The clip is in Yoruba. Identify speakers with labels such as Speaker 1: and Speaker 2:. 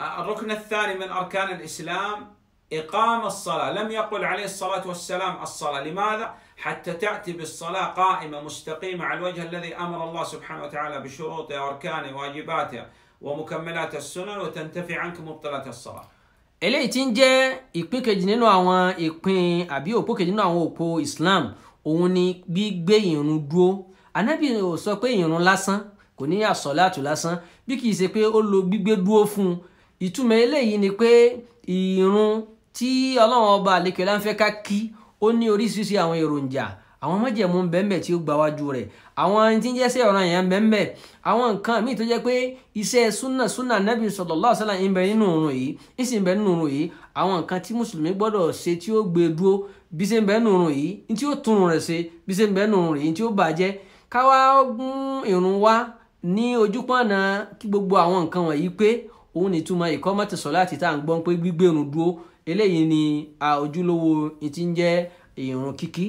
Speaker 1: الركن الثاني من أركان الإسلام إقام الصلاة لم يقل عليه الصلاة والسلام الصلاة لماذا؟ حتى تأتي بالصلاة قائمة مستقيمة على الوجه الذي أمر الله سبحانه وتعالى بشروطه وأركانه واجباته ومكملات السنن وتنتفي عنك مبطلات الصلاة
Speaker 2: eléyìí tí ń jẹ́ ìpín kejì nínú àwọn ìpín àbí òpó kejì nínú àwọn òpó Islam òun ni gbígbé ìrun dúró anábì sọ pé ìrun lásán kò ní àsọ̀láàtù lásán bí kì ṣe pé ó lo gbígbé dúró fún un ìtumọ̀ eléyìí ni pé ìrun tí ọlọ́run ọba àlekèlá ń fẹ́ ká kí ó ní oríṣiríṣi àwọn èròjà àwọn májẹ̀mú bẹ́ẹ̀mẹ̀ tí ó gba wájú rẹ̀ àwọn tí ń ọ̀ràn yẹn bẹ́ẹ̀mẹ̀ àwọn nǹkan míì tó jẹ́ pé iṣẹ́ súnà súnà nábì sallallahu alaihi wasallam ń bẹ nínú òrùn yìí ń sì ń bẹ nínú òrùn yìí àwọn nǹkan tí mùsùlùmí gbọ́dọ̀ ṣe tí ó gbé dúró bí ṣe ń bẹ nínú òrùn yìí ní tí ó tún rẹ̀ ṣe bí ṣe ń bẹ nínú òrùn yìí tí ó bàjẹ́ òun ni túmọ̀ ìkọ́mọ̀tì sọ̀láàtì tá à ń gbọ́n pé gbígbé irun dúró eléyìí ni ojúlówó ti ń jẹ́ ìrun kíkí